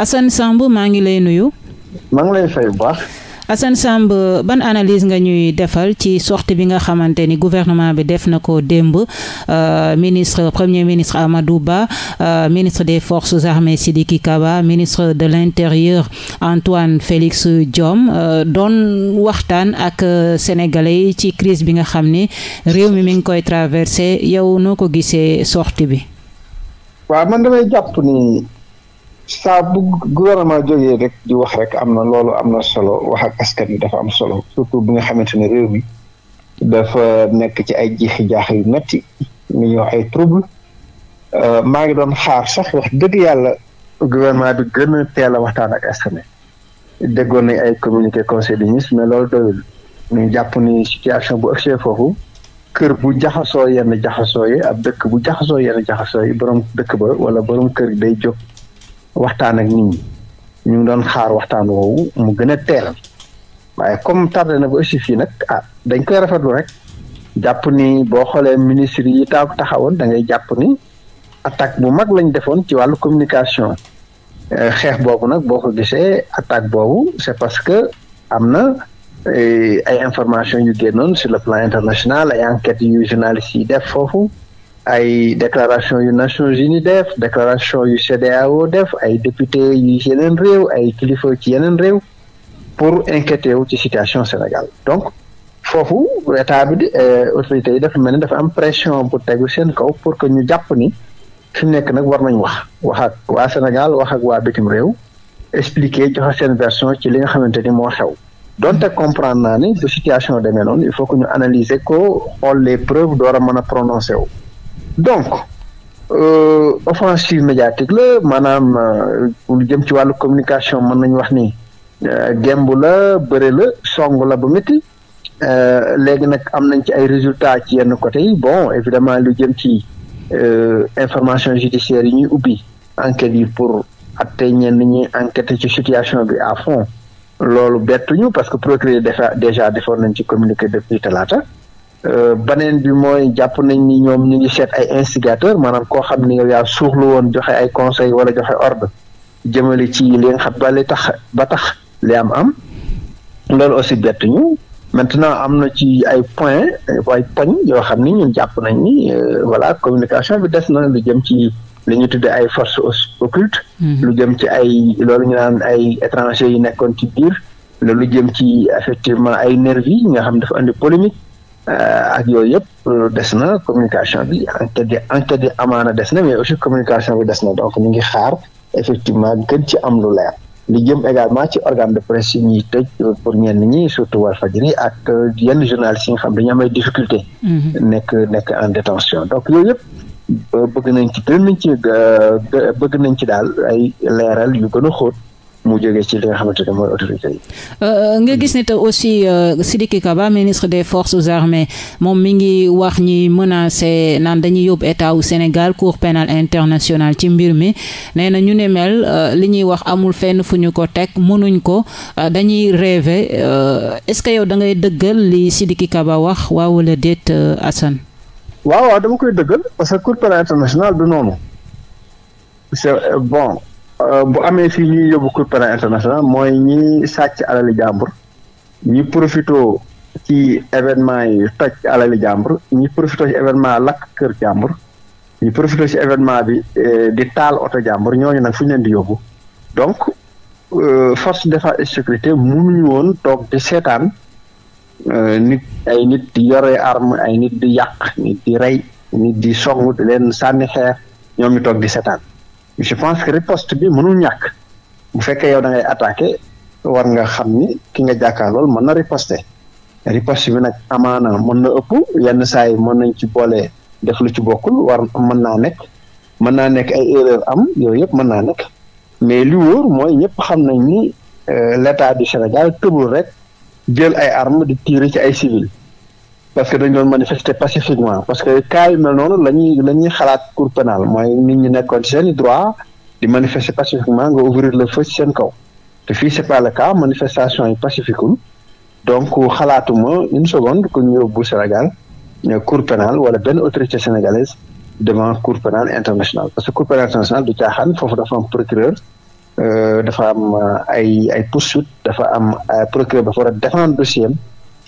Assane Samb maa ngi lay nuyu. maa ngi lay fay baax. Assane Samb ban analyse nga ñuy defal ci sortie bi nga xamante ni gouvernement bi def na ko démb euh, ministre premier ministre Amadou Ba euh, ministre des force armées Sidiki Kaba ministre de l'intérieur Antoine Félix Diome euh, doon waxtaan ak euh, sénégalais yi ci crise bi nga xam ni réew mi mi ngi koy traversé yow noo ko gisee sortie bi. waaw man damay jàpp ni saa bu gouvernement jógee rek di wax rek am na loolu am na solo wax ak askan wi dafa am solo surtout bi nga xamante ne réew mi dafa nekk ci ay jiixi jaax yu natti ñu ñëw ay trouble euh, maa ngi doon xaar sax wax dëgg yàlla gouvernement bi gën a teel a waxtaan ak askan wi déggoon ay communiqué conseil des ministres mais loolu doyul ñu jàpp ni situation bu ëgsee foofu kër bu jaxasoo yenn jaxasoo yi ab dëkk bu jaxasoo yenn jaxasoo yi borom dëkk ba wala borom kër day jóg waxtaan ak nit ñi ñu ngi doon xaar waxtaan woowu mu gën a teel waaye comme tardé na ba aussi fii nag ah dañ koy rafetlu rek jàpp ni boo xoolee ministre yi taaw taxawoon da ngay jàpp ni attaque bu mag lañ defoon ci wàllu communication eh, xeex boobu nag boo ko gisee attaque boobu c'est parce que am na eh, ay information yu génnoon sur le plan international ay enquêtes yu journalistes yi def foofu ay déclaration yu Nations Unies def déclaration yu CEDEAO def ay député yu yeneen réew ay kilifa ci yeneen réew pour inquiéter wu ci situation Sénégal donc foofu état bi euh, autorités yi dafa mel ni dafa am pression bu tegu seen kaw pour que ñu jàpp ni fi mu nekk nag war nañ wax wax ak waa Sénégal wax ak waa bitim réew expliquer joxe seen version ci li nga xamante ni moo xew donte comprendre naa ni bu situation de noonu il faut que ñu analyser ko xool les preuves door a mën a prononcé wu donc euh, offensive médiatique la maanaam euh, lu jëm ci wàllu communication mën nañu wax ni gemb euh, la bëre la song la ba métti euh, léegi nag am nañ ci ay résultats ci yenn côté yi bon évidemment lu jëm ci information judiciaire yi ñuy ubbi enquêtes yi pour atte ñenn ñi enquête ci situation bi à fond loolu bettuñu parce que procureur déjà defoon nañ ci communiqué depuis talaata Euh, baneen bi mooy jàpp nañ ni ñoom ñu ngi seet ay instigateur maanaam koo xam ni yow yaa suuxlu woon joxe ay conseil wala joxe ordre jëmale ci li nga xam ba li tax ba tax li am am loolu aussi bett ñu maintenant am na ci ay point ay poñ yoo xam ni ñun jàpp nañ ni euh, voilà communication bi des na lu jëm ci li ñu tuddee ay force occulte mm-hmm. lu jëm ci ay loolu ñu naan ay étrangers yi nekkoon ci biir lu jëm ci effectivement ay nervi yi nga xam dafa indi polémique Euh, ak yooyu yëpp euh, des na communication bi ante de ante de amaana des na mais aussi communication bi des na donc ñu ngi xaar effectivement gën ci am lu leer li jëm également ci organe de presse yi ñuy tëj euh, pour ñenn ñi surtout Walfadjri ak yenn journalistes yi nga xam dañu am ay difficulté mhm. nekk nekk en détention donc yooyu yëpp bëgg nañ ci gën nañ nañ ci daal ay leeral yu gën a xóot mu jógee ci li nga xamante ne mooy autorité yi. Euh, nga gis ne te aussi euh, Sidiki Kaba ministre des forces armées moom mi ngi wax ñi menacé naan dañuy yóbbu état wu Sénégal cour pénale internationale ci mbir mi nee na ñu ne mel euh, li ñuy wax amul fenn fu ñu ko teg mënuñ ko dañuy rêver est-ce que yow da ngay dëggal li Sidiki Kaba wax waaw wala déet Assane. waaw waaw dama koy dëggal parce que cour pénale internationale du noonu c'est bon. Euh, bu amee fii ñuy yóbbu cour pénal international mooy ñi sàcc alali jàmbur ñi profito ci événement yi toj alali jàmbur ñi profito ci événement lakk kër jàmbur ñi profito ci événement bi eh, di taal oto jàmbur ñooñu nag fu ñu leen di yóbbu donc euh, force de défense et sécurité mënuñu woon toog di seetaan euh, nit ay nit di yore arme ay nit di yàq nit di rey nit di song leen sànni xeer ñoom ñu toog di seetaan je pense que riposte bi mënul ñàkk bu fekkee yow da ngay attaqué war nga xam ni ki nga jàkkaar lool mën na riposte riposte bi nag amaana mën na ëpp yenn saa yi mën nañ ci boole def lu ci bokkul war mën naa nekk mën naa nekk ay erreur am yooyu yëpp mën naa nekk mais li wóor mooy ñëpp xam nañ ni euh, l'état du Sénégal tëbul rek jël ay armes di tirer ci ay civil parce que dañ doon manifester pacifiquement parce que cas yu mel noonu la ñuy la ñuy xalaat cour pénal mooy nit ñi nekkoon ci seen i droit di manifester pacifiquement nga ouvrir le feu ci seen kaw te fii c'est pas le cas manifestation yi pacifiquement donc xalaatuma une seconde ku ñu yóbbu Sénégal cour pénal wala benn autorité sénégalaise devant cour pénale internationale parce que cour pénale internationale du caaxaan foofu dafa am procureur euh, dafa am euh, ay ay poursuite dafa am euh, procureur dafa war a défendre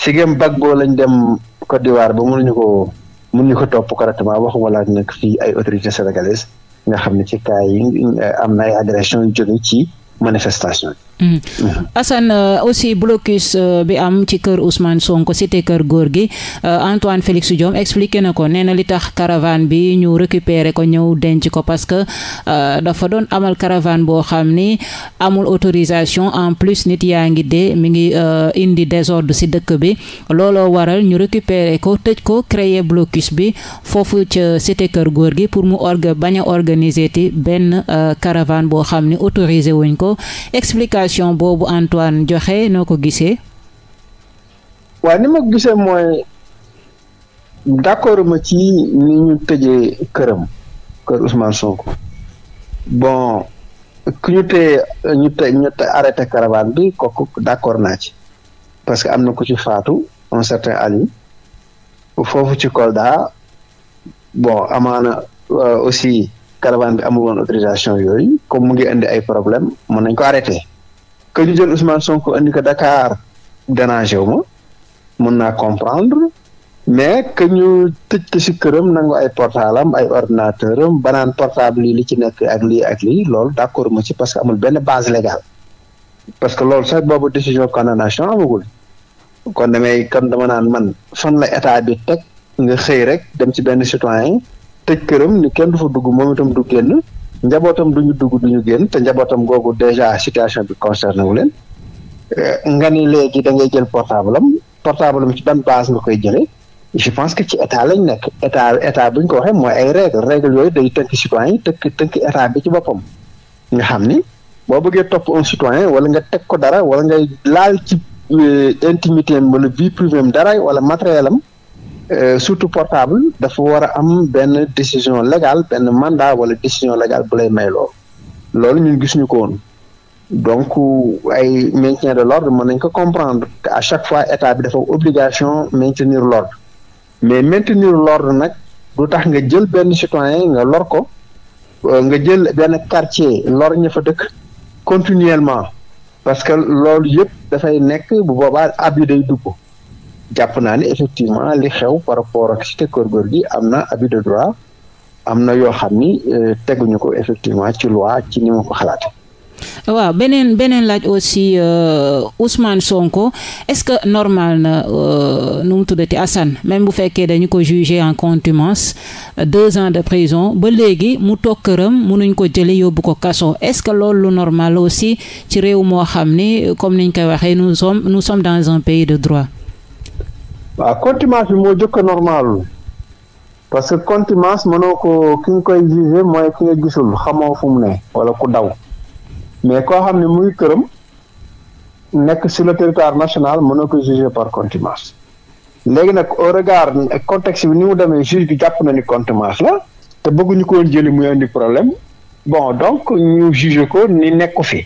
sigem Gbagbo lañ dem Côte d'Ivoire ba mënuñu ko mënuñu ko topp correctement waxuma laa nag fii ay autorités sénégalaises nga xam ne ci cas yi am na ay agression yu jóge ci manifestation yi. Mm. Mm-hmm. Assane euh, aussi blocus euh, bi am ci kër Ousmane Sonko cité kër góor gi euh, Antoine Félix Diome expliqué na ko nee na li tax caravane bi ñu récupérer ko ñëw denc ko parce que dafa doon amal caravane boo xam ni amul autorisation en plus nit yaa ngi de mi ngi indi désordre ci dëkk bi looloo waral ñu récupérer ko tëj ko créer blocus bi foofu ca cité kër góor gi pour mu orga bañ a organiser ti benn caravane boo xam ni autorisé wuñ ko. explication boobu Antoine joxe noo ko gisee. waa ni ma gisee mooy d'accord ma ci ni ñu tëjee këram kër Ousmane Sonko bon ku ñu tee ñu te ñu te arrêté caravane bi kooku d'accord naa ci parce que am na ku ci faatu un certain Aliou foofu ci Kolda bon amaana euh, aussi. caravane bi amul woon autorisation yooyu comme mu ngi indi ay problème mën nañ ko arrêté que ñu jël Ousmane Sonko indi ko Dakar dérangé wu ma mën naa comprendre mais ke ñu tëj ko si këram nangu ay portable am ay ordinateur am banaan portable yi li ci nekk ak lii ak lii loolu d'accord ma ci parce que amul benn base légale parce que loolu sax boobu décision condamnation amagul kon damay kon dama naan man fan la état bi teg nga xëy rek dem ci benn citoyen tëj këram ni kenn du fa dugg moom itam du génn njabootam du ñu dugg du ñu génn te njabootam googu déjà situation bi concerné wu leen euh, nga ni léegi da ngay jël portable am portable am ci ban base nga koy jëlee je pense que ci état lañ nekk état état bu ñu ko waxee mooy ay règle règle yooyu day tënk citoyen yi tënk état bi ci boppam nga xam ni boo bëggee topp un citoyen wala nga teg ko dara wala nga laal ci euh, intimité am wala vie privée am dara wala matériel am Euh, surtout portable dafa war a am benn décision légale benn mandat wala décision légale bu lay may loolu loolu ñun gisuñu ko woon donc ay maintien de l'ordre mën nañ ko comprendre que à chaque fois état bi dafa obligation maintenir l'ordre mais maintenir l'ordre nag du tax nga jël benn citoyen nga lor ko euh, nga jël benn quartier lor ña fa dëkk continuellement parce que loolu yëpp dafay nekk bu boobaa abus day dugg jàpp naa ne effectivement li xew par rapport ak cité Keur Gorgui am na abus de droit am na yoo xam ni euh, teguñu ko effectivement ci loi ci ni ma ko xalaate waaw beneen beneen laaj aussi euh, Ousmane Sonko est-ce que normal na euh, nu mu tuddati Assane même bu fekkee dañu ko jugé en contumace deux ans de prison ba léegi mu toog këram nuñ ko jële yóbbu ko kaso est-ce que loolu lu normal aussi ci réew moo xam ni comme niñ koy waxee nous sommes nous sommes dans un pays de droit. waaw contumace bi moo jëkk normalul parce que contimence mënoo ko ki nga koy jugé mooy ki nga gisul xamoo fu mu ne wala ku daw mais koo xam ne mu këram nekk si le territoire national mënoo ko jugé par contimence léegi nag au regard contexte bi ni mu demee juge bi jàpp na ni contimence la te bëgguñu koo jëli mu indi problème bon donc ñu jugé ko ni nekku fi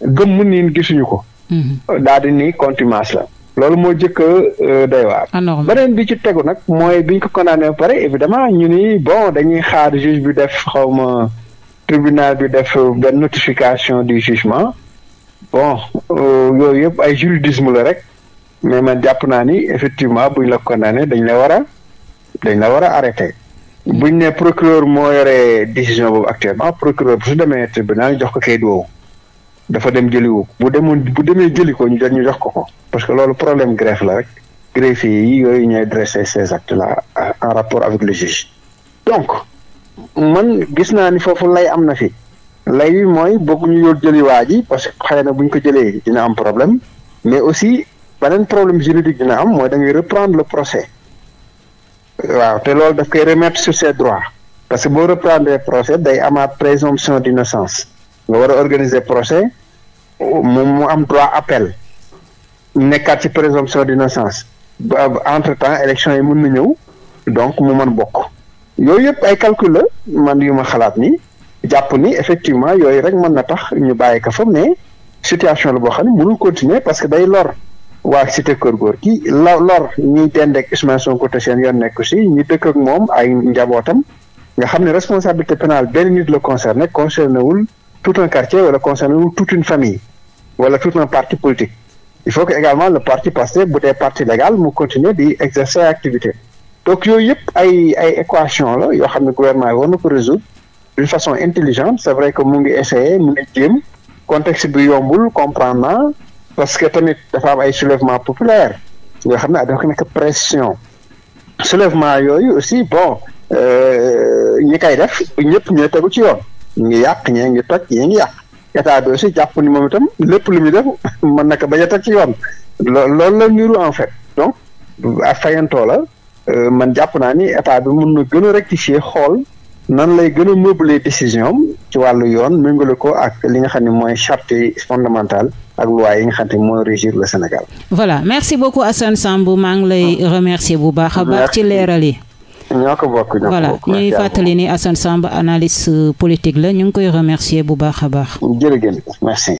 gëmm niin gisuñu ko mhm. daal di la loolu moo jëkk a euh, doy waar. Ah, beneen bi ci tegu nag mooy biñ ko condamné ba pare évidemment ñu ni bon dañuy xaar juge bi def xawma ma tribunal bi def euh, benn notification du jugement bon euh, yooyu yëpp ay juridisme la rek mais man jàpp naa ni effectivement buñ la condamné dañ la war a dañ la war a arrêté. Mm. buñ ne procureur mooy yore décision boobu actuellement procureur bu su demee tribunal jox ko kayit woowu. dafa dem jëliwu bu demoon bu demee jëli ko ñu jot ñu jox ko ko parce que loolu problème greffe la rek greffier yi yooyu ñooy dressé ces actes là euh, en rapport avec le juge donc man gis naa ni foofu lay am na fi lay mooy bokk ñu yor jëli waa ji parce que xëy na buñ ko jëlee dina am problème mais aussi beneen problème juridique dina am mooy da ngay reprendre le procès waaw te loolu daf koy remettre sur ses droits parce que boo reprendre procès day amaat présomption d'innocence nga war a organiser procès moom mu am droit appel nekkaat ci présomption d'innocence ba entre temps élection yi mun na ñëw donc mu mën bokk yooyu yëpp ay calcul man yu ma xalaat ni jàpp ni effectivement yooyu rek mën na tax ñu bàyyi ko fa mais situation la boo xam ne mënul continuer parce que day lor waa cité kër góor gi la lor ñiy dendeek Ousmane Sonko te seen yoon nekku si ñu dëkk ak moom ay njabootam nga xam ne responsabilité pénale benn nit la concerné concerné wul tout un quartier wala concerné wala tout un parti politique il faut que également le parti Pastef bu dee parti légal mu continuer di exercer activité donc yooyu yëpp ay ay équation la yoo xam ne gouvernement yi war na ko résoudre d'une façon intelligente c'est vrai que mu ngi essayer mu ngi jéem contexte bi yombul comprendre naa parce que tamit dafa am ay soulèvement populaire yoo xam ne dafa nekk pression soulèvement yooyu aussi bon euh, ñi koy def ñëpp ñooy tegu ci yoon ñu ngi yàq ñee ngi toj ñee ngi yàq état bi aussi jàpp ni moom itam lépp lu muy def man na ko a teg ci yoon loolu la niru en fait donc ak fayantoo la euh, man jàpp naa ni état bi mun na gën a rectifier xool nan lay gën a meubler décision ci wàllu yoon méngale ko ak li nga xam ne mooy charte fondamentale ak loi yi nga xam ne mooy régir le Sénégal. voilà merci beaucoup Assane Samb maa ngi lay ah. remercier bu baax a baax ci leeral yi. ñoo bokk voilà ñuy fàttali ni Assane Samb analyste politique la ñu ngi koy remercier bu baax a baax. jërëjëf